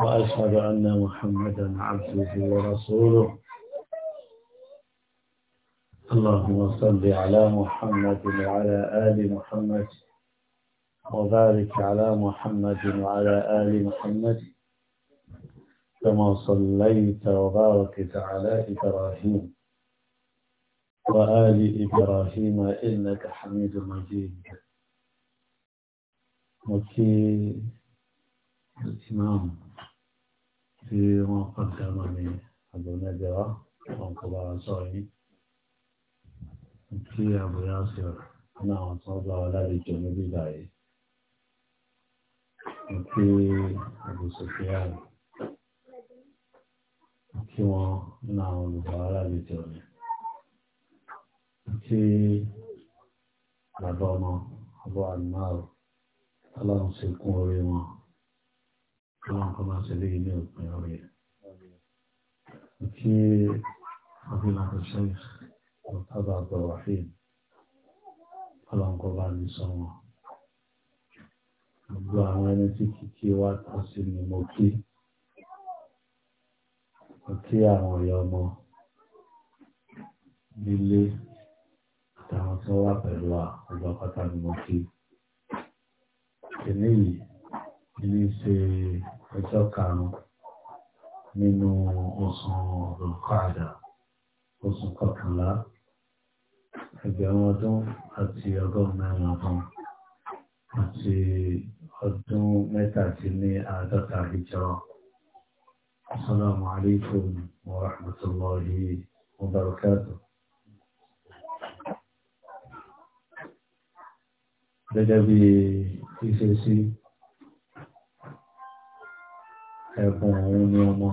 وأشهد أن محمدا عبده ورسوله اللهم صل على محمد وعلى آل محمد وبارك على محمد وعلى آل محمد كما صليت وباركت على إبراهيم وآل إبراهيم إنك حميد مجيد مكي الإمام في ما قدم من أبو نجوى وانقضى صعيد في أبو ياسر نعم صلى على الجنوب داعي في أبو سفيان كما نعم على الجنوب في أبو عمار اللهم سلكوا بما ọlọ́run kọ́ bá ṣe léyìn ní òpin orí ẹ̀. Kí Abdullahi Hussein Mọ̀tábà Abdulrahim ọlọ́run kọ́ bá ní sọ wọn. Gbogbo àwọn ẹni tí kìkì wá tọ́ sí ni mo kí. Mo kí àwọn ọ̀yọ́ ọmọ nílé àtàwọn tí wọ́n wà pẹ̀lú ọgbà pátá ni mo kí. Kìnìyí ní ṣe ọjọ́ karùn-ún nínú oṣù olùkọ́àdà oṣù kọkànlá ẹgbẹ̀rún ọdún àti ọgọ́rùn-ún mẹ́rin ọdún àti ọdún mẹ́tàdí ní àádọ́ta ìjọ Assalamu alaikum wa rahmatullahi wa barakatuh. Gẹ́gẹ́ bí ìṣesí ẹ̀bùn àwọn ní ọmọ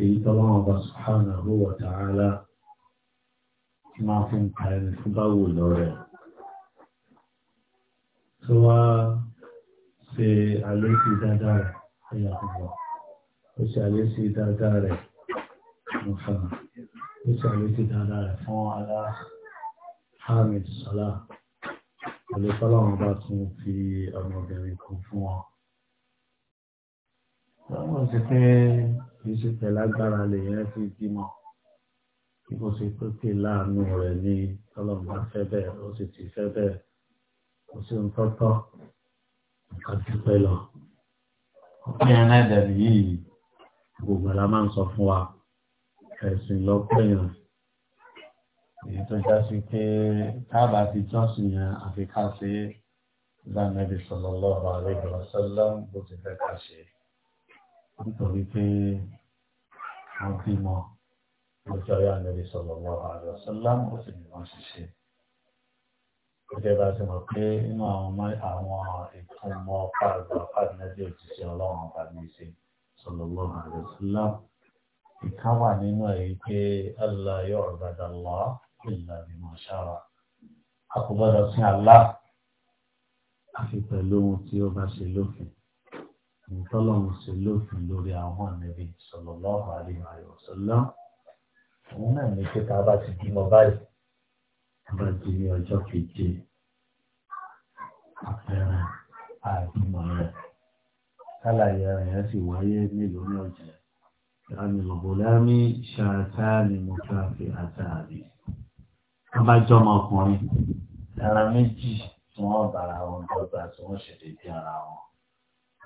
èyí tọ́lọ́wọ́n bá subhanahu wa ta'ala tí máa fún ka ẹni fún báwò lọ rẹ̀ tó wá ṣe àlésí dáadáa rẹ̀ ẹ̀yà ọ̀pọ̀ ó ṣe àlésí dáadáa rẹ̀ mo fẹ́ràn ó ṣe àlésí dáadáa rẹ̀ fún alá hamid salah àlésọ́lọ́wọ́n bá tún fi ọmọbìnrin kan fún wọn. Wọ́n ti pé kì í ṣe pẹ̀lú agbára lèèyàn ti bímọ. Kí kò ṣe pé pé láàánú rẹ̀ ní ọlọ́run bá fẹ́ bẹ́ẹ̀, ó sì ti fẹ́ bẹ́ẹ̀. Kò sí ohun tọ́tọ́, nǹkan dúpẹ́ lọ. Ọpẹ́ yẹn náà dẹ̀bi yìí, gbogbo la máa ń sọ fún wa. Ẹ̀sìn lọ́pẹ́ yẹn. Èyí tó já sí pé káàbà ti jọ́sìn yẹn àfi ká ṣe é. Bá Nàbì sallallahu alaihi wasallam bó ti fẹ́ ká ṣe é nítorí pé wọ́n bímọ lọ́jọ́ ayé ànábì sallallahu alaihi wasallam ó sì ní wọ́n ṣiṣẹ́. Gẹ́gẹ́ bá ti mọ̀ pé inú àwọn ìtumọ̀ pàrọ̀ pàdánẹ́bí òjíṣẹ́ ọlọ́run tàbí ìṣe sallallahu alaihi wasallam. Ìkan wà nínú èyí pé Allah yu'badu Allah illa bima shara. A kò gbọ́dọ̀ sin Allah àfi pẹ̀lú ohun tí ó bá ṣe lófin ìtọ́lọ́run ṣe lófin lórí àwọn ànábì sallallahu alaihi wa sallam òun náà ní pé tá a bá ti bímọ báyìí tá a bá ti ní ọjọ́ keje àpẹẹrẹ àìbímọ rẹ kálàyé rẹ yẹn sì wáyé nílùú ní ọjà ìrànì lọ́bùlámì ṣàtàlì mọ́tàfẹ́ àtàlì wọ́n bá jọ ọmọkùnrin ẹran méjì tí wọ́n bára wọn dọ́gba tí wọ́n ṣèdè bí ara wọn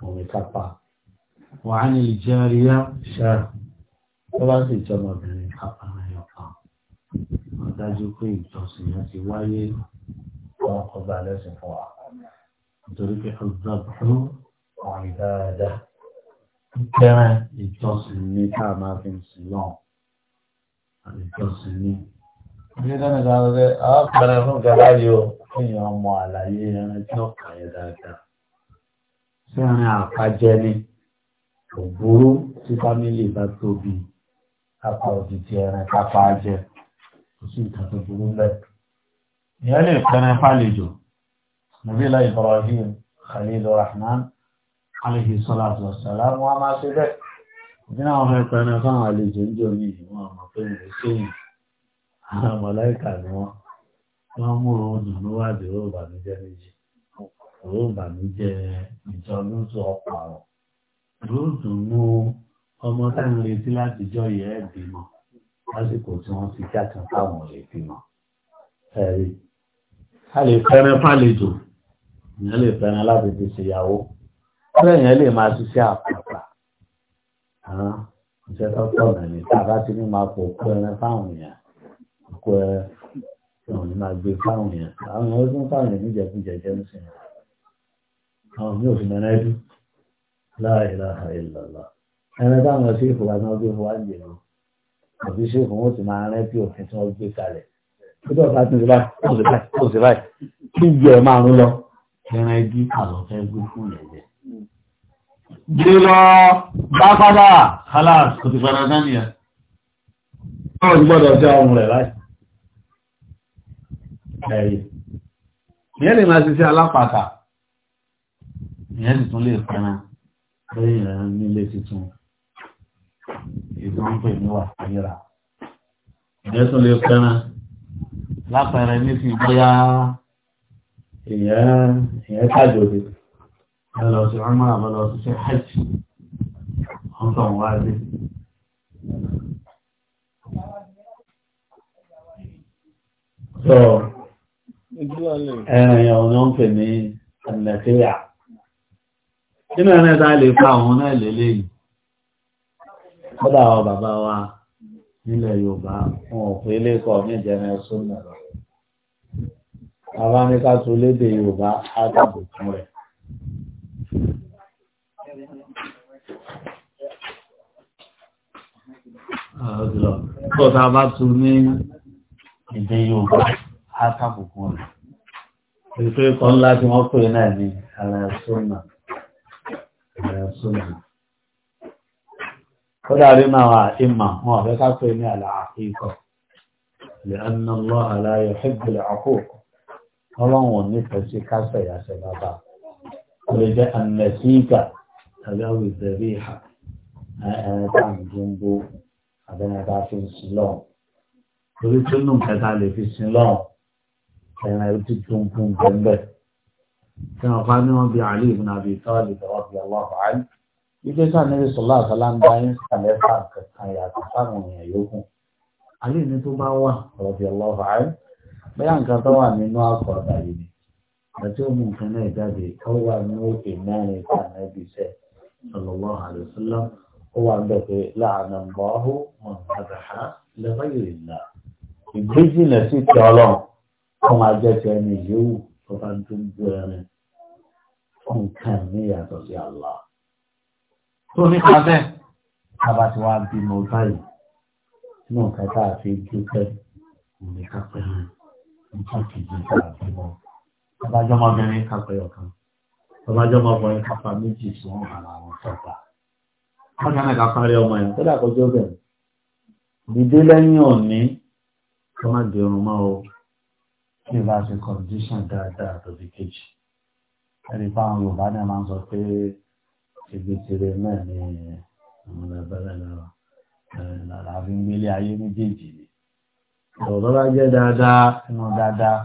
òun ìkápá wà á ní ìjẹ́ àríyá ṣá tó bá sì jọmọ obìnrin kápá rẹ̀ ọ̀pá wọ́n dájú pé ìjọsìn yẹn ti wáyé wọn kò bá lẹ́sìn fún wa nítorí pé ọ̀dọ́gbọ́n ọ̀rìn dáadáa kẹrẹ ìjọsìn ní tá máa fi ń sìn náà ìjọsìn ní. Ilé dáná kan rẹ̀ àwọn kan fún gàláyò fún ìyàn ọmọ àlàyé ẹran tí ó kàyẹ dáadáa sẹ́rin àkájẹ ni ògbóró tí fámílì bá tóbi kápá òdìdí ẹran kápá jẹ kò sí nǹkan tó burú bẹ́ẹ̀. ìyá lè fẹ́ràn fàlejò nàbí Ibrahim Khalil Rahman alayhi salatu wa salam wọn a máa ṣe bẹ́ẹ̀. ìdíná àwọn ọmọ ẹ̀kọ́ ẹran fáwọn àlejò ń jò ní ìwọ̀n àmọ́ pé mo séyìn àwọn mọ̀láìkà ni wọ́n wọ́n mú òun dùn lówádìí ó bàmíjẹ́ méjì òun ìbànújẹ́ ìsọlóṣù ọ̀pọ̀ àrọ̀ yóò dùnú ọmọ tá ń retí látijọ́ yẹ ẹ́ bímọ lásìkò tí wọ́n ti jáde fáwọn lè bímọ. ẹ̀rí a lè fẹ́ràn fàlejò èèyàn lè fẹ́ràn láti fi ṣèyàwó ọ̀rẹ́ èèyàn lè máa ṣiṣẹ́ àpàpà iṣẹ́ tó pọ̀ nàní tá a bá ti ní máa pò kó ẹran fáwọn èèyàn kó ẹran ní máa gbé fáwọn èèyàn àwọn èèyàn ó tún fáwọn èèyàn níjẹkújẹ jẹ́ ń sìn wọ́n àwọn mi ò sì mẹ́rin ẹ̀dú la ilaha illallah ẹni táwọn ṣe ìfowópamọ́ tí wọ́n gbé fún wa jẹ lọ àbí ṣe ìfowópamọ́ tí máa rántí òfin tí wọ́n gbé kalẹ̀ títí ọ̀sán ti ṣe báyìí tó ṣe báyìí tó ṣe báyìí kí ìjọ ẹ̀ máa ń lọ ẹran ẹbí àlọ́ fẹ́ gbé fún ẹ̀jẹ̀. gbé lọ bá padà halas kò ti padà dání ẹ̀. báwo ni gbọ́dọ̀ jẹ́ ọmọ rẹ̀ láì. ẹ̀yìn ìyẹn lè máa ṣiṣẹ́ alápàtà Ils les ìyẹn sì tún lè fẹ́ra lẹ́yìn rẹ̀ nílé tuntun ìdánpè ní wà síra ìyẹn tún lè fẹ́ra lápẹẹrẹ ní ti bóyá ìyẹn ìyẹn tàjò dé ẹ lọ sí ọmọ àbọ̀ lọ sí hajj ọ̀n tó ń wá dé. So, ẹ̀rìn ọ̀nà ń pè ní àlẹ́fíà. nínú ẹ̀rẹ́ ta lè fa àwọn náà lélẹ̀ yìí kọ́dà àwọn bàbá wa nílẹ̀ Yorùbá wọn ò pé lẹ́kọ̀ọ́ méjẹ̀rẹ̀ sónà lọ bàbá ní ká tó lédè Yorùbá á dàbò fún rẹ̀ Kọ́ ta bá tún ní èdè Yorùbá á dàbò fún rẹ̀. Ìfẹ́ kan ńlá tí wọ́n pè náà ní ara sónà súnà ó dàrí náà wà ìmà wọn ọ̀fẹ́ ká pè ní àlàáfíìkọ̀ lè annàlọ́ àlàyé ṣẹ́gbẹ̀lẹ̀ àkókò ọlọ́run nífẹ̀ẹ́ sí kásẹ̀ ìyàṣẹ́ bàbá ó lè jẹ́ ànẹ́síkà tàbí àwọn ìbẹ̀rẹ̀ ìhà tí wọ́n fa ní wọ́n bí Ali ibn Abi Talib radiyallahu anhu wípé sáà níbi sọ̀lá àtàlà ń dáyé sàlẹ̀ fà kankan yàtọ̀ sáwọn èèyàn yòókù Ali ní tó bá wà radiyallahu anhu bẹ́ẹ̀ nǹkan tó wà nínú àpò àbáyé ni àti òmù nǹkan náà jáde ó wà ní òkè mẹ́rin tá à náà bìíṣẹ́ sallallahu alaihi ó wà ń bẹ̀ pé láàánú tó bá dúgbò ẹrin fún nǹkan ní ìyàtọ̀ sí Allah. tó nípa bẹ́ẹ̀ tábà tí wàá bímọ báyìí nínú nǹkan tá a fi dúpẹ́ òmìnira pẹ̀lú nǹkan kìíní tá a bímọ. tọ́bájọ́ ọmọbìnrin kápẹ́ ọ̀kan tọ́bájọ́ ọmọbìnrin kápá méjì sí wọn àrà àwọn tọ́gbà. wọ́n ní àná kápárí ọmọ yẹn tó dàkọjọ́ bẹ̀rẹ̀ dìde lẹ́yìn òní kọ́ má dẹrùn mọ́ o tí ìbá ṣe kọ̀ǹdíṣàn dáadáa tóbi kejì ẹni fáwọn yorùbá náà máa ń sọ pé ibi tèrè náà ni àwọn ẹgbẹ́rẹ́ lọ́wọ́ lára fi ń gbélé ayé méjèèjì ni ọ̀rọ̀ bá jẹ́ dáadáa inú dáadáa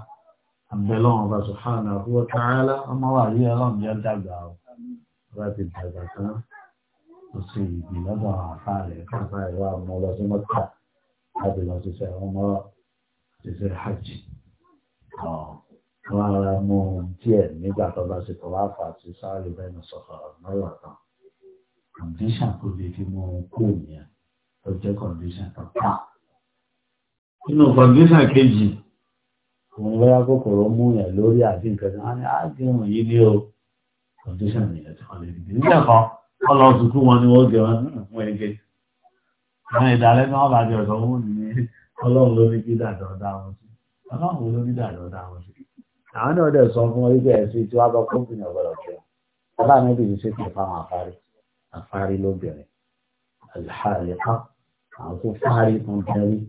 àbẹ̀lọ́wọ̀n bá subhanahu wa ta'ala ọmọ wà rí ọlọ́run jẹ́ dàgbà ọ̀ bá ti dàgbà tán ó sì ìdí lọ́dọ̀ àwọn afá rẹ̀ káfá ìwà ọmọ lọ mọ́tà láti lọ ṣiṣẹ́ ọmọ ṣiṣẹ́ hajj kan ara mú un díẹ̀ nígbà tó bá ṣe tọ́lá fà àti sáré lẹ́nu sọ̀fà lọ́rọ̀ kan kọ̀ǹdíṣàn tó lè fi mú un kú nìyẹn tó jẹ́ kọ̀ǹdíṣàn tó pa. nínú kọ̀ǹdíṣàn kejì òun lọ́yà kòkòrò mú ah, ni wọ́n hmm, gé wọn fún ni ọlọ́run ló ní kí ọlọ́run olómìnira lọ́dọ̀ àwọn sí àwọn náà dẹ̀ sọ fún orí bẹ́ẹ̀ sí tí wọ́n bá kọ́mpìnì ọ̀gbọ̀dọ̀ kí wọn ọba mi bìí ṣe pé fáwọn afárí afárí lóbìnrin alhàlẹ́ká àwọn tó fárí fún kẹrí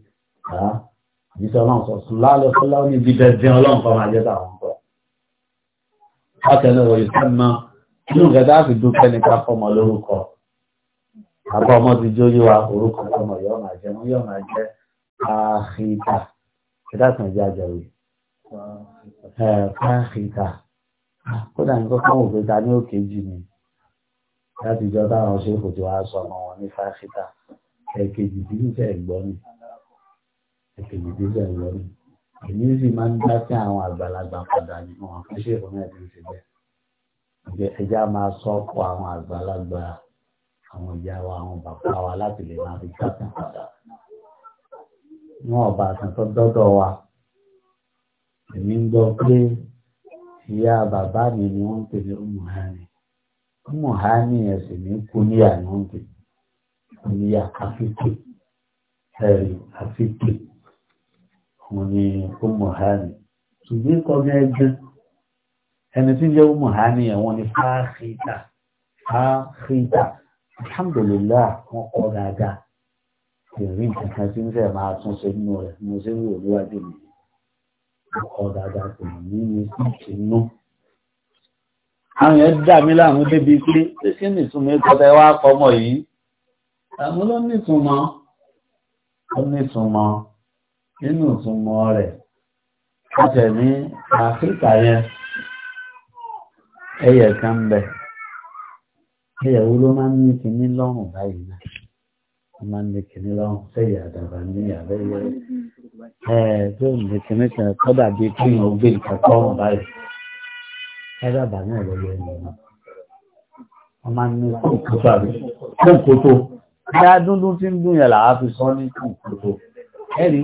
àjíṣẹ́ ọlọ́run sọ sùn lálẹ́ fọláwọ́ ní ibi dẹ̀dẹ̀ ọlọ́run kọ́ máa jẹ́ táwọn kọ́ ọkẹ́lẹ́ wọ̀nyí sẹ́mọ inú gẹ̀dá sì dúpẹ́ nípa fọmọ lórúkọ àbọ̀ ọmọ ti jó ẹ̀dá kan jẹ́ àjọyọ̀ ẹ̀ káàkìtà ah, kódà ní kọ́kọ́ wò pé ta ní òkè jì mí láti jọ táwọn ṣe kò tí wàá sọ ọmọ wọn ní fáṣítà ẹ̀kejì tí níṣẹ́ ẹ̀gbọ́ ni ẹ̀kejì tí níṣẹ́ ẹ̀gbọ́ ni èmi sì máa ń dá sí àwọn àgbàlagbà padà ní wọn kí ṣe ìfọ̀nà ẹ̀dùn sí bẹ́ẹ̀ ẹja máa sọ ọ̀pọ̀ àwọn àgbàlagbà àwọn ìyá wa àwọn bàbá wa láti lè máa fi káàkiri padà wọn ọba kan tó dọ́dọ̀ wa èmi ń gbọ́ pé ìyá bàbá mi ni wọ́n ń pè ní umuhani umuhani ẹ̀sìn ní kúníyà ni wọ́n ń pè kúníyà àfikè ẹ̀rì àfikè òun ni umuhani ṣùgbọ́n kọ́gá ẹgbẹ́ ẹni tí ń jẹ́ umuhani ẹ̀wọ̀n ni fáàkìtà fáàkìtà alhamdulillah wọn kọ́ dáadáa ìrí nǹkan tí ń fẹ́ máa tún ṣe nínú rẹ̀ mo ṣe ń wò níwájú mi ọkọ̀ dáadáa kò ní ní sí ìṣínú. àwọn yẹn dà mí láàmú débi pé ṣé nìtumọ̀ ìkọta ẹ wá kọmọ yìí àwọn ló nìtumọ̀ ó nìtumọ̀ nínú ìtumọ̀ rẹ̀ ọ̀sẹ̀ ní Áfíríkà yẹn ẹyẹ kan bẹ̀ ẹyẹ wo ló máa ń ní kinní lọ́rùn báyìí náà ọmọ ní kìíní lọ sẹ́yìn àdàbà ní àbẹ́yẹ ẹ tó ní kìíní kan kọ́ dàbí kí n ò gbé nǹkan kọ́ ọ̀hún báyìí ẹ̀dàbà náà lọ yẹ ẹ̀yìn náà wọ́n máa ń ní kókó tàbí kókó tó bí a dúndún tí ń dún yẹn làá fi sọ ní kókó tó ẹ̀rí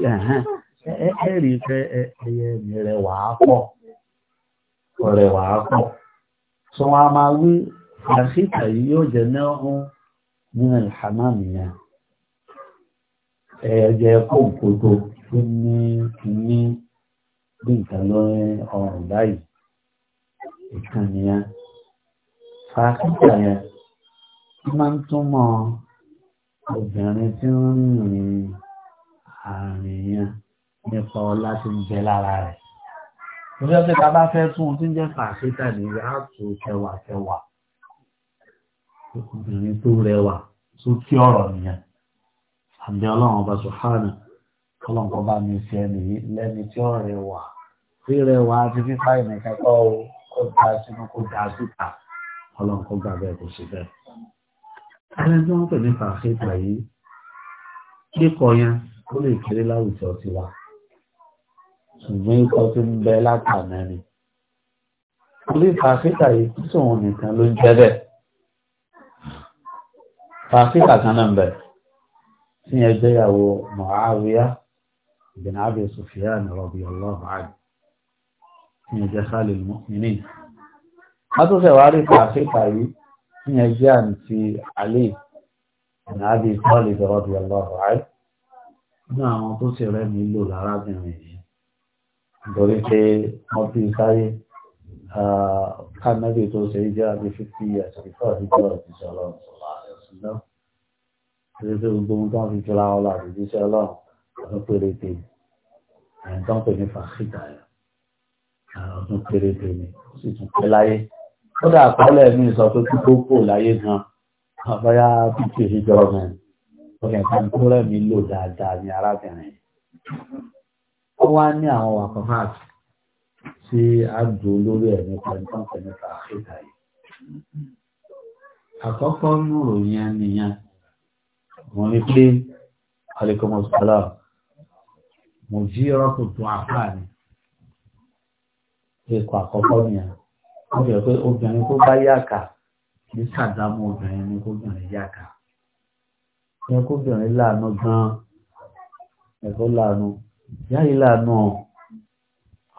ẹ̀rí fẹ́ ẹyẹ ẹ̀yẹ kòkòtò tó ní ní bí nǹkan lórí ọrùn báyìí ìkan nìyẹn fàákìtà yẹn máa ń túmọ̀ obìnrin tí ó ń rìn àárín yẹn nípa ọlá tí ń jẹ lára rẹ̀ mo fẹ́ pé ta bá fẹ́ tún un tí ń jẹ́ fàákìtà nìyẹn á tó obìnrin tó rẹwà tó kí ọ̀rọ̀ nìyẹn àbí ọlọ́run ọba sùhánù ọlọ́run kọ́ bá mi ṣe ẹni yìí lẹ́ni tí ó rẹwà rírẹwà àti fífá ìnìkan kọ́ o kó da sínú kó da síta ọlọ́run kọ́ gbà bẹ́ẹ̀ kò sí bẹ́ẹ̀. ẹni tí wọ́n pè ní fàáfíìtà yìí kíkọ yẹn ó lè kéré láwùjọ tiwa ṣùgbọ́n ikọ̀ tó ń bẹ látàná orí fàáfíìtà yìí kí sóun nìkan ló ń jẹ́ bẹ́ẹ̀ fàáfíìtà kan náà ń bẹ̀rẹ̀ tí yẹn jẹ́yàwó Muawiya bin Abi Sufyan radiyallahu anhu tí yẹn jẹ́ Khalil Mu'minin látúnṣẹ́ wá rí pàṣípà yìí tí yẹn jẹ́ àǹtí Ali bin Abi Talib radiyallahu anhu ní àwọn tó ṣe rẹ́ mi lò lárábìnrin yìí nítorí pé wọ́n fi sáyé kánẹ́bì tó ṣe jẹ́ àbí 50 years before he got his allowance pé gbogbo ohun tó ń fi jọra ọlọ àtijọ́ ọlọ́run ọdún péréte ẹ̀yìn tó ń pè ní fàṣítà ọdún péréte ni ó sì tún pẹ́ láyé kódà àkọọ́lẹ̀ mi sọ pé kí tó kò láyé gan àbáyá pípé ìjọba mẹ́rin ọ̀rẹ́ kan tó rẹ̀ mí lò dáadáa ní arábìnrin ó wọ́n ní pé alikomosola mo jí rọ́pù tó apá ni ikọ̀ àkọ́kọ́ nìyẹn wọ́n yẹ pé obìnrin tó bá yàkà kì í ṣàdámọ́ obìnrin ní kóbìnrin yàkà ní kóbìnrin láàánú gan-an ẹ̀kọ́ láàánú yáyí láàánú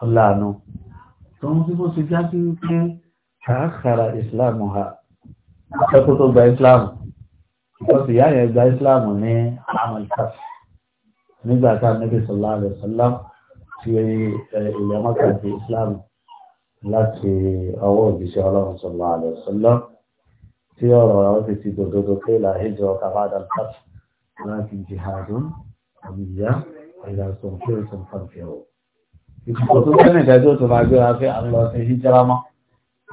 ọláàánú tó ń bí mo ti já sí wípé kàákàrà ìsìláàmù ha ẹkú tó gba ìsìláàmù because ìyá yẹn gba Islam ní àwọn ìkàf nígbà tá a níbi sọlá rẹ sọlá ti ilẹ̀ mọ́ta ti Islam láti ọwọ́ òjíṣẹ́ ọlọ́run sọlá rẹ sọlá tí ọ̀rọ̀ àwọn ti ti dòdòdó pé là ìjọ kàbádà kàf láti jihadun àbíyá ìlà sọ̀nkiri sọ̀nfàǹfẹ̀ o. ìkùkọ̀ tó tẹ́lẹ̀ dájọ́ tó máa gbéra pé à ń lọ sí hijrama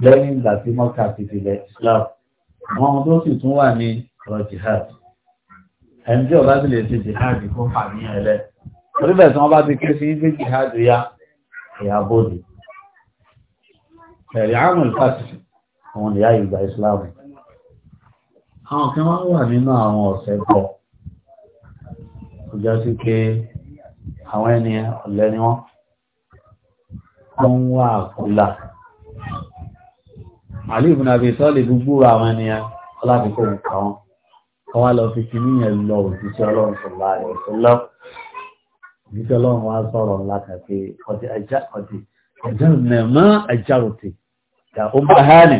lẹ́yìn ìgbà tí mọ́ta ti tilẹ̀ Islam àwọn tó sì tún wà ní lọ jihad ẹni tí ọba ti lè ṣe jihad kó fà ní ẹlẹ orílẹ̀ tí wọ́n bá ti ké sí ilé jihad ya ìyá bòdì ẹ̀rí àwọn ìfàtì àwọn ìyá ìgbà ìsìláàmù àwọn kan wọ́n wà nínú àwọn ọ̀sẹ̀ bọ̀ ọjọ́ sí pé àwọn ẹni ọ̀lẹ́ ni wọ́n tó ń wà àkúlà àlè ìbùnàbí sọ́ọ̀lì gbogbo àwọn ènìyàn ọlá fi kó nǹkan kan wá lọ fi fi níyàn lọ òjíṣẹ́ ọlọ́run sọ̀lá rẹ̀ sọ́lá òjíṣẹ́ ọlọ́run wá sọ̀rọ̀ ńlá kan pé ọdí ajá ọdí ajá nẹ̀mọ́ ajá òtì ìjà ó bá há nì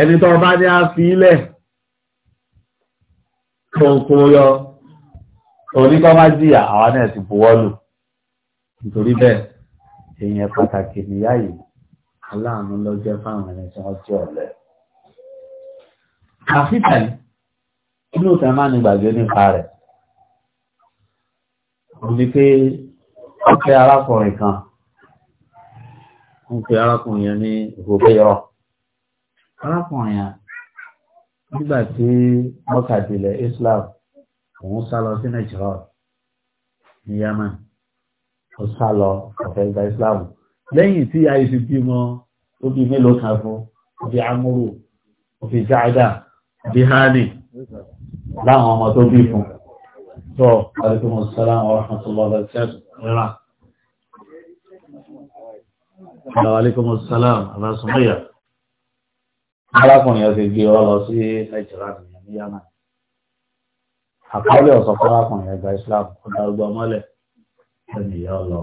ẹni tó bá ní a fi ilẹ̀ tó kó yọ oníkọ́ má jìyà àwa náà ti buwọ́ lù nítorí bẹ́ẹ̀ èèyàn pàtàkì níyà yìí aláàánú ló jẹ́ fáwọn ẹni tí wọ́n jẹ́ ọ̀lẹ àfíìtà inú ìtàn máa ní gbàgbé nípa rẹ̀ ní pé wọ́n pe arákùnrin kan wọ́n pe arákùnrin yẹn ní ìgbòkèyọ arákùnrin yẹn nígbà tí mọ́kàdìlẹ̀ Islam òun sá lọ sí nàìjíríà ní Yemen ó sá lọ ọ̀fẹ́ gba Islam lẹ́yìn tí àìsí bímọ ó bí mélòó kan fún ó bí amúrò ó bí jáàdà ó bí hánì láwọn ọmọ tó bí fún tó àríkùnmọ̀ sọ́lá àwọn ọ̀rọ̀mọ̀tòlọ́ Arákùnrin ọ̀sẹ̀ gbé ọ lọ sí Nàìjíríà ní Yánà. Àkọọ́lẹ̀ ọ̀sọ̀ fún arákùnrin ẹgbà Islam kò dárúgbọ́ mọ́lẹ̀ ẹni ìyá ọlọ.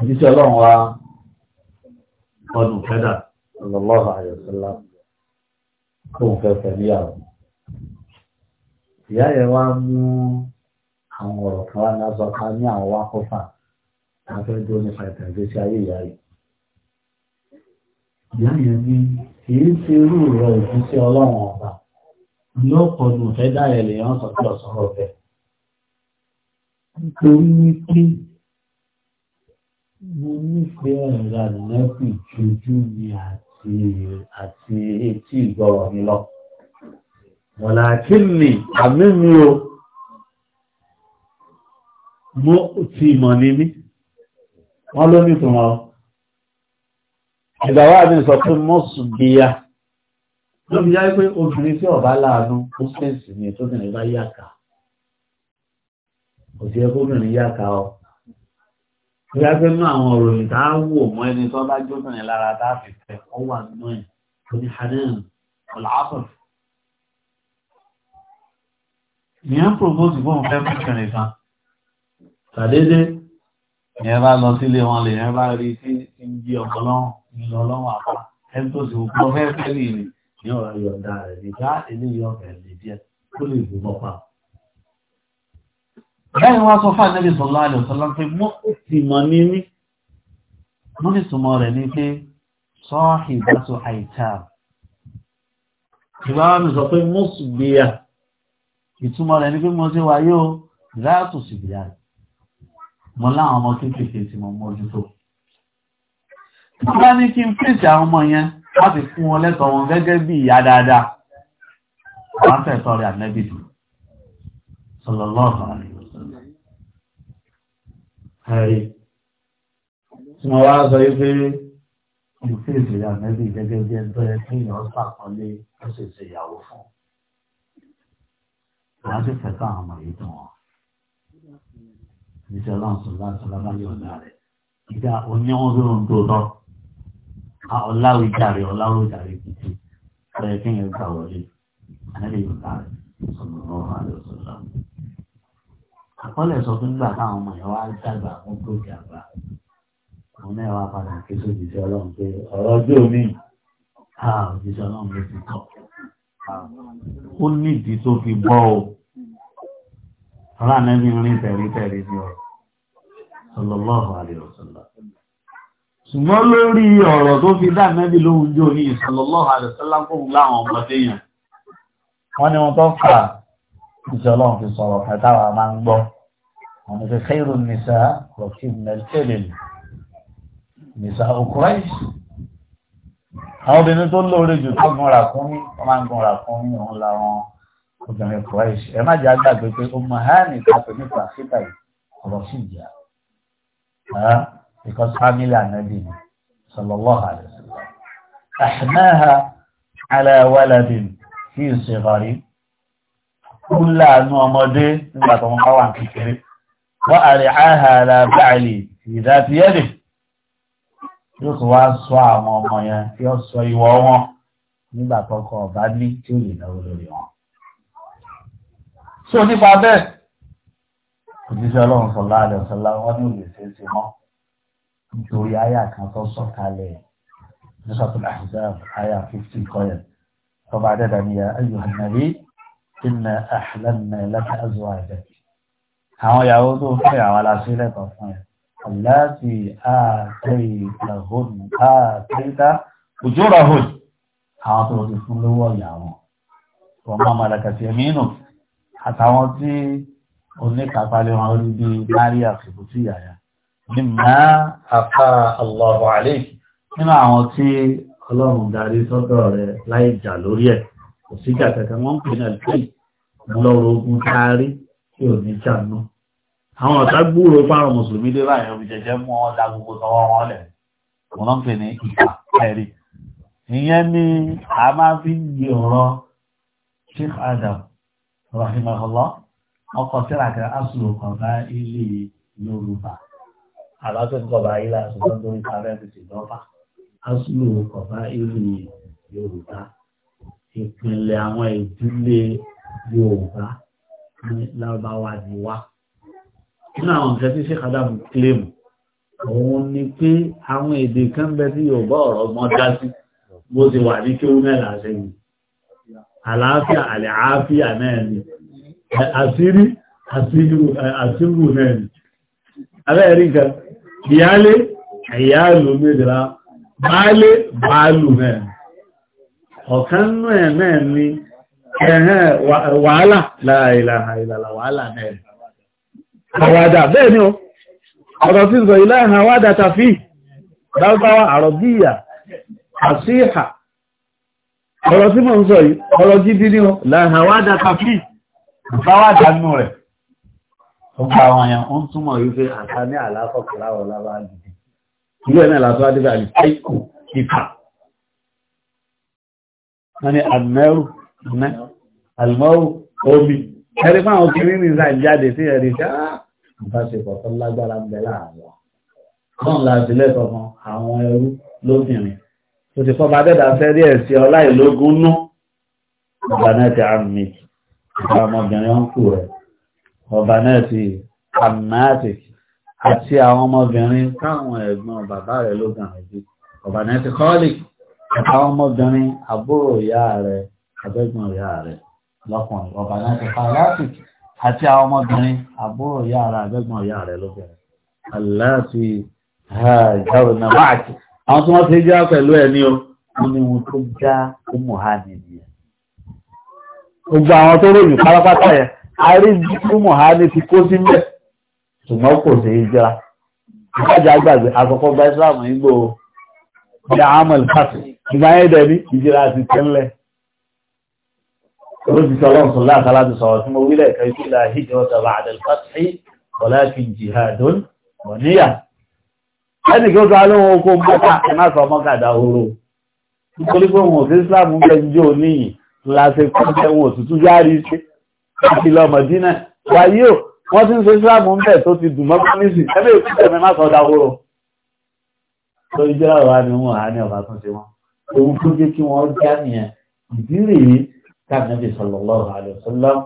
Ìdíṣẹ́ ọlọ́run wa ọdún kẹ́dà, ọlọ́lọ́rọ̀ àyọ̀sọ́lá tó ń fẹ́ pẹ̀lú ìyàwó. Ìyá yẹn wá mú àwọn ọ̀rọ̀ kan wá ní aṣọ ká ní àwọn wá kọ́fà afẹ́ dúró nípa ìtàgbésí ayé ìyá yìí. Ìyá yẹn ní kì í ṣe irú rẹ̀ òjú sí ọlọ́run ọba. Ní ọ̀pọ̀ nù fẹ́ dáyẹ̀ lèèyàn sọ pé ọ̀sán ọ̀fẹ́. Nítorí wípé mo nífẹ̀ẹ́ ẹ̀rọ àdínẹ́kù ìjọjú mi àti àti àti etí ìgbọràn mi lọ. Wọ̀lá kí ni àmì mi o, mo ti mọ̀ ní mí, wọ́n ló ní tùmọ̀. Ìgbàwà mi sọ pé mọ́ sùn bí ya. Ló fi yá pé obìnrin tí ọ̀bá láàánú, ó sẹ́ǹsì ni tó bìnrin bá yàkà. Kò sí ẹkọ́ obìnrin yàkà ọ ìyá pé mú àwọn òròyìn tá a wò mọ́ ẹni tó bá jókòó lára tá a fi fẹ́ ọ wà nínú ẹ̀ oní hanan ọ̀làásọ̀f ìyẹn propose fún òun fẹ́ mú ìkẹrin kan tàdédé ìyẹn bá lọ sílé wọn lè yẹn bá rí tí ń jí ọkọ lọ́wọ́ àpá ẹni tó sì kọ́ fẹ́ fẹ́ lè ní ọ̀rọ̀ yọ̀ọ̀dà rẹ̀ nígbà eléyìí ọ̀fẹ́ lè díẹ̀ ó lè gbọ́ pa. Bẹ́ẹ̀ wá sọ fún ànẹ́bì sọ̀lá àlẹ́sọ̀lá pé mọ́ ti mọ̀ ní ní. Wọ́n lè súnmọ́ rẹ̀ ní pé sọ́ọ̀hì bá sọ àìtà. Ìbá mi sọ pé mọ́ sì gbé yà. Ìtumọ̀ rẹ̀ ní pé mo ti wà yóò láàtò sì gbé yà. Mo láwọn ọmọ ẹ̀rí tí wá sọ wípé ìfèsì àmẹ́bí gẹ́gẹ́ bí ẹni tó yẹ kí èèyàn ó sì ṣe ìyàwó fún un wọ́n sì fẹ́ káwọn ọmọ yìí dùn wọn ìṣẹ́ lọ́sùn láti lábáyé ọ̀dà rẹ̀ ìdá oníwọ́n tó ń tó tọ́ ọláwí jàre ọláwí jàre títí ọ̀rẹ́ kí èèyàn gbà wọlé àlẹ́ yóò dá rẹ̀ sọ̀rọ̀ lọ́wọ́ àlẹ́ òṣèlú àkọọ́lẹ̀ sọ fún nígbà táwọn ọmọ ẹ̀ wá dàgbà wọn tó kí àgbà wọn náà wá padà ké sí òjíṣẹ́ ọlọ́run pé ọ̀rọ̀ ọjọ́ mi ká òjíṣẹ́ ọlọ́run ló ti tọ̀ ó nídìí tó fi bọ́ o ọ̀rọ̀ ànẹ́bí rìn tẹ̀rí tẹ̀rí ọ sallallahu alaihi wasallam ṣùgbọ́n lórí ọ̀rọ̀ tó fi dá ànẹ́bí lóhun jò ní sallallahu alaihi wasallam fóun láwọn ọmọdé yẹn wọ́n ní wọn ìjọ ọlọ́run fi sọ̀rọ̀ ọ̀fẹ́ táwa máa ń gbọ́ àwọn ìfẹ́ xeyìrù nìsa rọ̀kì mẹ́tẹ́lẹ̀lì nìsa okùnrin àwọn obìnrin tó lóore jù tó gun ràkúnmí wọ́n máa ń gun ràkúnmí òun làwọn obìnrin kùráìṣì ẹ má jẹ́ àgbàgbé pé ọmọ hánì kápẹ nípa síta yìí ọ̀rọ̀ sì jà because family anabi ni sallallahu alayhi wa sallam ahmaha ala waladin fi sigari ó ń láàánú ọmọdé nígbà tó ń bá wà kékeré wọ́n àrẹ àhàrà báàlì ìdátiyẹ́dì yóò tún wá sọ àwọn ọmọ yẹn tí ó sọ ìwọ wọn nígbà tọkọ ọba ní tí ó lè náwó lórí wọn. so nípa bẹ́ẹ̀ òjíṣẹ́ ọlọ́run sọ̀lá àlẹ́ sọ̀lá wọn ní òye ṣe é ṣe mọ́ nítorí àyà kan tó sọ̀kalẹ̀ nísọ̀tún àṣìṣe àyà fífítì kọ́yẹ̀ tọ́ba adẹ́dàníyà ayò hànàbí ìnà àhàlẹ́nà lẹ́ka ẹ̀zọ́ àjẹ́ àwọn ìyàwó tó fẹ́ àwọn aláṣẹ lẹ́kọ̀ọ́ fún ẹ̀ aláàtì àtẹ́ìta òjòrò ahòl àwọn tó ti fún lówó ìyàwó wọn máa màlàkà sí ẹ̀mí inú àtàwọn tí oníkàpálẹ̀ wọn rí bí maria fìbùtì yàyà ní máa afá Allahu alayhi nínú àwọn tí Ọlọ́run darí sọ́dọ̀ rẹ̀ láì jà lórí ẹ̀ kò síjà kankan wọ́n ń pè ní àlùfẹ́ lọ́rọ̀ ogun taari tí ò ní jà náà àwọn ọ̀tá gbúrò fáwọn mùsùlùmí dé báyìí omi jẹjẹ mú wọn da tọwọ́ wọn lẹ̀ wọn ń pè ní ìgbà ẹ̀rí ìyẹn ni a máa fi ń di ọ̀rọ̀ Sheikh Adam rahimahullah ọkọ̀ síra kan asùlù kan bá ilé Yorùbá alákẹ́kọ̀ọ́bá ilé asùlù kan tó ń parẹ́ ti asùlù kan ilé Yorùbá ìpìlẹ̀ àwọn ìdílé Yorùbá ní lárúbáwá ni wá nínú àwọn nǹkan tí Sheikh Adam claim òun ni pé àwọn èdè kan bẹ tí Yorùbá ọ̀rọ̀ mọ́ dá sí bó ti wà ní kéwú mẹ́lá sẹ́yìn àlàáfíà àlàáfíà náà ni àṣírí àṣírù náà ni abẹ́ẹ̀rí nǹkan ìyálé ìyálù báálé báálù ọ̀kan nú ẹ̀ náà ni ẹ̀hẹ́ wàhálà láàrínláà ìlàlà wàhálà náà àwàdà bẹ́ẹ̀ ni ó ọ̀rọ̀ tí ń sọ ilá ẹ̀hàn àwàdà tàfí dágbáwà àrọ̀bíyà àṣíhà ọ̀rọ̀ tí mọ̀ ń sọ yìí ọ̀rọ̀ gidi ni ó láàrínláà àwàdà tàfí àwàdà nú rẹ̀ ọgbà àwọn èèyàn ó ń túmọ̀ wípé àta ní àlàáfọ̀kọ̀ láwọ̀ ilé ẹ̀ náà wọ́n ni àmẹ́rù àlùmọ́rù omi ẹni fún àwọn kìíní ní ìsàn jáde sí ẹ̀rí ṣá ah, ìbáṣepọ̀ tó lágbára ń bẹ láàárọ̀ náà láti lẹ́tọ̀ kan àwọn ẹrú lóbìnrin tó ti fọ́ba dẹ́dà fẹ́ rí ẹ̀sìn ọláìlógún nú ọba náà ti àmì ìgbà ọmọbìnrin ń kú rẹ̀ ọba náà àti àwọn ọmọbìnrin táwọn ẹ̀gbọ́n bàbá rẹ̀ lóbìnrin ọba náà àwọn ọmọbìnrin àbúrò ìyá rẹ̀ ẹ̀gbẹ́gbọ̀n ìyá rẹ̀ lọ́kùnrin ọba láti fàlásì àti àwọn ọmọbìnrin àbúrò ìyá rẹ̀ ẹ̀gbẹ́gbọ̀n ìyá rẹ̀ lóbìnrin aláàfi ìjáwé náà máàkì àwọn tí wọ́n ti já pẹ̀lú ẹ̀ ní o wọ́n ní wọn tó já ọmọ ha nìyẹn gbogbo àwọn tó ròyìn pátápátá yẹn a rí ọmọ ha ní ti kó sílẹ̀ ṣùgbọ́n kò sí ìjọra ìkájà gbàgbé àkọ́kọ́ bá ìsìlámù yìí gbòó ní àmọ́ ìfàsì ìgbà yẹn dẹ̀ ní ìjìrà ti tẹ́lẹ̀ olóòtítọ́ ọlọ́run sọ̀rọ̀ láti aláàbí sọ̀rọ̀ tí mo wí lẹ́ẹ̀kan sí ilà hijra ọ̀tọ̀ ba'dal fathi walakin jihadun waniya ẹnì kí ó sọ alóhun oko mọ́kà ẹ má sọ mọ́kà dá oró nítorí pé wọn ò sí Islam ń bẹ jíjó níyì láti kọ́kẹ́ wọn òtútù yáàrí sí àti lọ Mọ̀dínà wáyé ò wọ́n ti ń ṣe Islam ń bẹ tó ti dùn mọ́kà nísì ẹgbẹ́ ìpínlẹ̀ mi má òun tó jẹ́ kí wọ́n já nìyẹn ìdí rèé káàmì sallallahu alaihi wasallam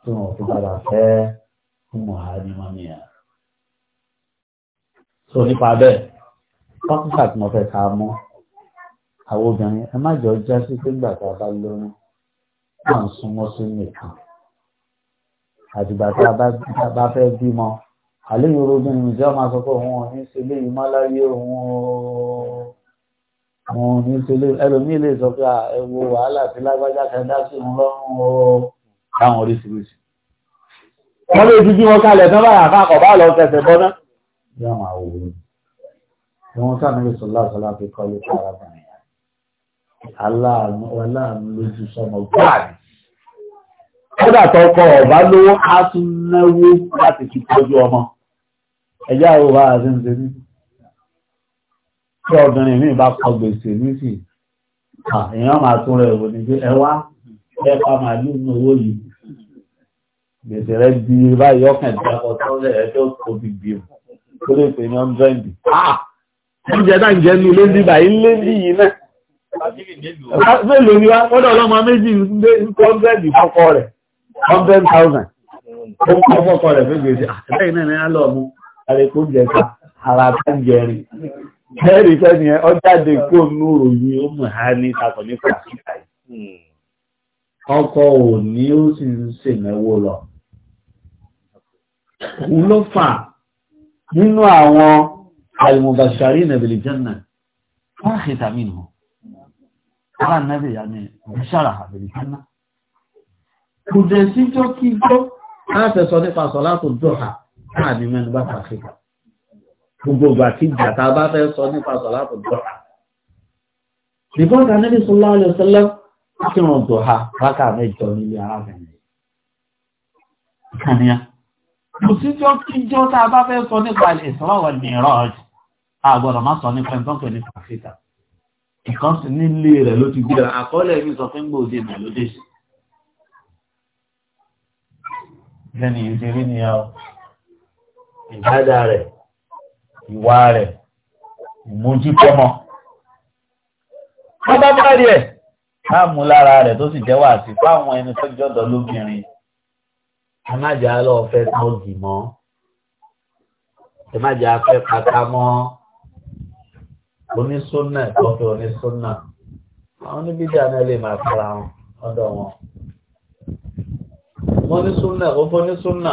tí wọ́n fi padà fẹ́ ọmọ àdìmọ́ nìyẹn. sọ nípa bẹ́ẹ̀ pọ́ńtà tí mo fẹ́ ká mọ́ àwọn obìnrin ẹ má jọ já sí pé nígbà tá a bá lóyún máa ń súnmọ́ sí nìkan àtìgbà tá a bá fẹ́ bímọ àléyìn orogún ni máa sọ pé òun ò ní ṣe léyìn má òun ooo àwọn oníṣẹ́lẹ̀ ẹlòmíì lè sọ pé ẹ wo wàhálà tí lágbájá kan dá sí wọn lọ́rùn o káwọn oríṣiríṣi. wọ́n lè dúdú wọn kalẹ̀ tán báyà fún àkọ́bá lọ fẹsẹ̀ bọ́ná. bí àwọn àwòrán ni wọ́n sáà nílé sọ̀lá sọ̀lá fi kọ́lé fún arábìnrin aláàánú aláàánú lójú sọmọ gbáàdì. kódà tọkọ ọba lówó á tún náwó láti fi tọ́jú ọmọ ẹ̀yà òwò àti ǹdẹ́nìí tí obìnrin mi bá kọ gbèsè nísì èèyàn máa tún rẹ̀ wò ní pé ẹ wá ẹ pa màálù ní owó yìí gbèsè rẹ di báyìí ọkàn tí a kọ tó rẹ̀ ẹ tó tóbi bí o tó lè pè ní ọ́ndrẹ́ǹdì. oúnjẹ náà ń jẹ ní ilé nígbà ilé níyì náà. mélòó ni wá wọ́n dọ̀ ọlọ́mọ méjì ń kọ́ ọ́ndrẹ́ǹdì fọ́kọ rẹ̀ hundred thousand ó kọ́ fọ́kọ rẹ̀ fún gbèsè àtẹ̀lẹ́yìn náà ní alọ́ mu àlẹ́kùn jẹ ká ara tó ń jẹrin. Bẹ́ẹ̀ni fẹ́ni ẹ, ọjáde kó nú ròyìn ó mọ̀ á ní takọ̀ ní Fàṣíkà yìí. Ọkọ ò ní ó sì ń ṣèmẹ́wó lọ. Òun ló fà nínú àwọn àìmọ̀bàṣàrí ìnàbìlì jẹ́nà. Wọ́n ṣe tàmí nù. Ara nàbì yà ni ìṣàrà àbìlì jẹ́nà. Kùdẹ̀ síjọ́ kíjọ́, á tẹ̀sọ nípa sọ̀lá tó dọ̀ha láàbí mẹ́nu bá Fàṣíkà gbogbo ìgbà tí ìjàta bá fẹ́ sọ nípa sọ̀látò dọ́ha. Nìbọ́ta níbi sọ́lá ọlọ́sọ́lọ́ kí wọ́n dọ̀ha rákà mẹ́jọ nílé arábìnrin. Kàníyà. Kò síjọ́ kíjọ́ tá a bá fẹ́ sọ nípa Isra wal Miraj, a gbọ́dọ̀ má sọ nípa ìtọ́kẹ̀ ní Fàfíta. Ìkan sì nílé rẹ̀ ló ti gbé àkọọ́lẹ̀ mi sọ fún gbòde mẹ́ Bẹ́ẹ̀ni ìṣeré ni ìbádà rẹ̀ ìwà rẹ̀ ìmójútọ́mọ. wọ́n bá bá rí ẹ̀ káàmù lára rẹ̀ tó sì jẹ́ wà sí fáwọn ẹni tó jọ́dọ̀ lóbìnrin ẹ má jẹ́ alọ́ fẹ́ tọ́ọ̀gì mọ́ ẹ má jẹ́ afẹ́ pátá mọ́ onísúnà ìtọ́fẹ́ onísúnà àwọn oníbíjà náà lè máa fara wọn ọ̀dọ̀ wọn. mo ní súnà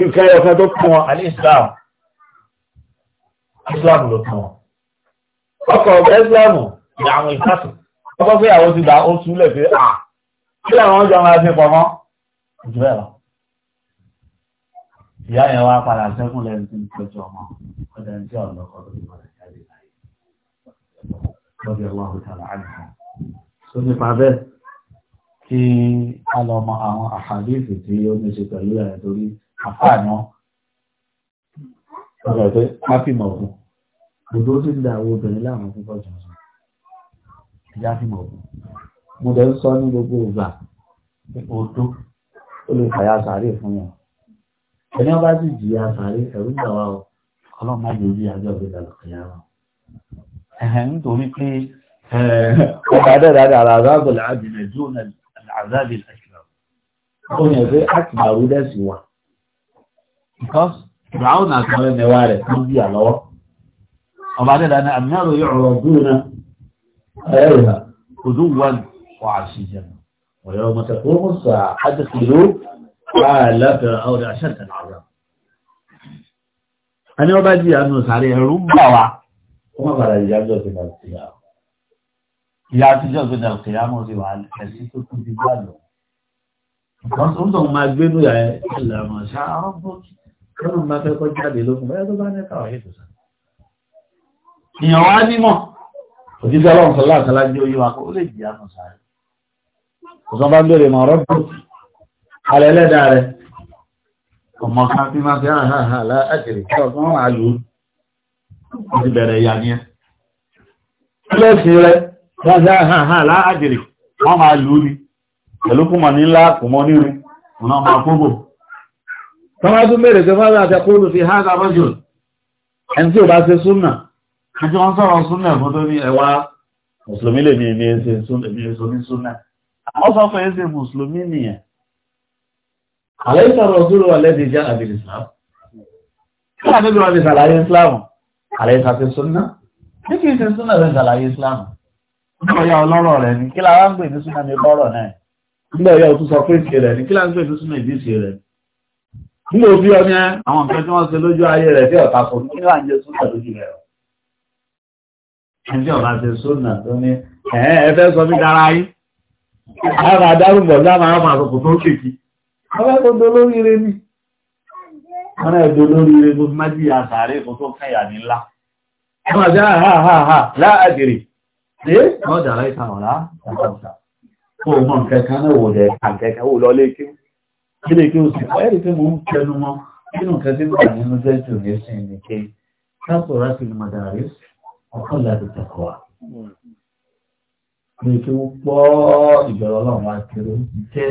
nǹkan ẹ̀yọ̀kan tó kún wọn àní islam islam ló kún wọn ọkọ̀ ọ̀gá islam ní àwọn ìfásitì ọkọ̀ fẹ́ àwọn ti gbà ó túlẹ̀ pé à kí làwọn jọ máa fi pọ̀ mọ́ jù bẹ́ẹ̀ lọ ìyá yẹn wá padà sẹ́kùn lẹ́nu tí ń pẹ́jọ ọmọ ọjà ní tí ọ̀nà ọkọ̀ tó ti padà jáde láyé lọ́dí ọlọ́run tààrà àìsàn tó nípa bẹ́ẹ̀ kí a lọ mọ àwọn àhàlífì tí ó ní ṣe pẹ̀lú ẹ̀ torí àfààná ọ̀rọ̀ pé má fi mọ̀ fún òdó sì ń da àwọn obìnrin láwọn púpọ̀ jù sọ ìjà fi mọ̀ fún mo dẹ̀ ń sọ ní gbogbo ìgbà pé òdó ó lè fàyà sàárè fún yàn ẹni ọba sì jìyà sàárè ẹ̀rú gbà wá o ọlọ́run má yẹ orí àjọ ìgbà lọ́kọ̀ọ́yà wa nítorí pé ọba dẹ́rẹ́ ara àzábọ̀ làábìlẹ̀ jóná àzábìlẹ̀ àṣìlá ó yẹ pé àtìgbàrú dẹ̀ sì wà because ìbáwọn náà kan lẹ́nu ẹwà rẹ̀ fún bí àlọ́wọ́ ọba dẹ́dà ní àmìnàrò yóò rọ̀ dúnà ẹ̀rọ òdúwọ̀n wà àṣìjẹ ọ̀yọ́ ọmọtẹ̀kọ́ mọ́sà àjẹsìlú àlàfẹ́ àwọn àṣẹ́tẹ̀ náà ẹni ọba jí àánú sàárẹ̀ ẹ̀rù ń bà wá ó má bàrà ìyájọ́ sí náà sí ya ìyá àtijọ́ sí náà sí ya mọ́ sí wà ẹ̀sí tó kú ti gbà lọ. Wọ́n tó ń máa gbénú ẹ̀ ẹ̀ lẹ́mọ̀ ṣáà rọ́bọ̀tì kọ́nà máa fẹ́ kọ́ jáde lókun bẹ́ẹ̀ tó bá ní káwà yìí tó sá. èèyàn wá nímọ̀ òjíṣẹ́ ọlọ́run sọ láti alájọ yóò wá kó ó lè jì á sàn sáré. kò sọ bá bèrè mọ̀ rọ́bù alẹ́ lẹ́dàá rẹ̀ ọmọ kan fi máa fi hàn hàn hàn láàkiri kí ọ̀sán wọn àlù ó ti bẹ̀rẹ̀ ìyá ni ẹ. kílẹ̀sì rẹ̀ wọ́n fi hàn hàn láàkiri wọ́n máa lù ú ni pẹ̀lú kùmọ̀ ní ńlá kùmọ̀ nírin wọn máa kóbò tọ́wọ́ tún bèèrè pé fọ́lá àti àkóòlù fi hádà rọ́jù ẹni tí ò bá ṣe súnà àti wọ́n sọ̀rọ̀ súnà fún tó ní ẹwà mùsùlùmí lè ní èmi ẹsẹ̀ súnà àwọn sọ fún ẹsẹ̀ mùsùlùmí nìyẹn àlẹ́ ìsọ̀rọ̀ òṣùlù ọ̀lẹ́dì já àbìlì islam kí wà níbi wọn ti sàlàyé islam àlẹ́ ìsàfẹ́ súnà ní kí ìsẹ̀ súnà rẹ̀ sàlàyé islam nígbàyà ọlọ́rọ̀ rẹ̀ ní kí Nígbà òbí ọmọ àwọn nǹkan tí wọ́n ṣe lójú ayé rẹ̀ tí ọ̀tá kò ní wà ń jẹ súnà lójú rẹ̀. Ẹni tí ṣe súnà tó ní ẹ̀ẹ́ ẹ fẹ́ sọ mí dára yín. Àwọn adárùnbọ̀ láwọn àwọn àkókò tó kéèkì. Àwọn ẹgbẹ́ olóríire ni. Àwọn ẹgbẹ́ olóríire gbogbo má jí àṣàrí kò tó kẹ́yà ní ńlá. Àwọn àti àhà àhà àhà láàdìrì. Ṣé wọ́n dàrá ìtàn ọ̀rá? Kò mọ̀ nǹkan kan náà wò ilé kí o sì kọ́ ẹ̀rí pé mo ń tẹnu mọ́ nínú nǹkan tí wà nínú jẹ́jù ní sí ni pé káàpọ̀ ráṣì ní madari ọkàn láti tẹ̀kọ́ wa. ilé kí o pọ́ ìbẹ̀rù ọlọ́run wa kiri ó ti jẹ́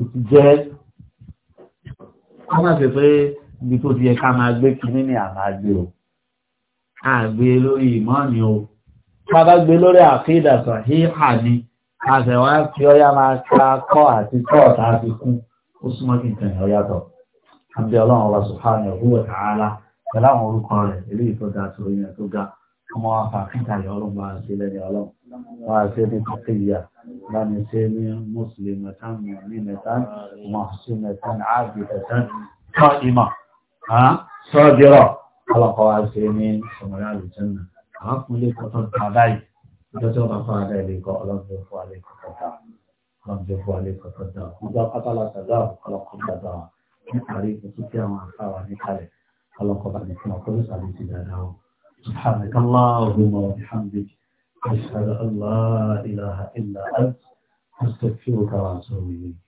ó ti jẹ́ wọ́n máa pé ibi tó ti yẹ ká máa gbé kinní ni àmà gbé o àgbé lórí ìmọ̀ọ́nì o bá bá gbé lórí àkídà sàhíhà ni àfẹ̀wá kí ọyá máa ka kọ́ àti kọ́ tá a fi kún ó súnmọ́ kí nǹkan ìyá yàtọ̀ àbí ọlọ́run ọba subhanahu wa ta'ala pẹ̀lú àwọn orúkọ rẹ̀ eléyìí tó ga tó yẹn tó ga ọmọ afa kíkà yọ ọlọ́run bá ṣe lẹ́ni ọlọ́run wọ́n á ṣe ní kọ́kíyà láti ṣe ní mùsùlùmí tán mùmí mẹ́tán mọ̀ọ́sùn mẹ́tán áàbì mẹ́tán kọ́ ìmọ̀ sọ́ọ́dírọ̀ ọlọ́kọ̀ wá ṣe ní sọmọlá àlùjẹ́nà àwọn kúnlé kọ́tọ́ ọjọ́ tí wọ́n máa fara dá ilé kan ọlọ́dún fún alẹ́ kọ̀ọ̀kan dá ọlọ́dún fún alẹ́ kọ̀ọ̀kan dá ọjọ́ pátálà sàdá ọlọ́kọ̀ dàdá wa níparí ìtútù tí àwọn afá wa níkàlẹ̀ ọlọ́kọ̀ bá ní fún ọkùnrin sàbí ti dáadáa wọn. سبحانك اللهم وبحمدك أشهد أن لا إله إلا أنت أستغفرك وأتوب إليك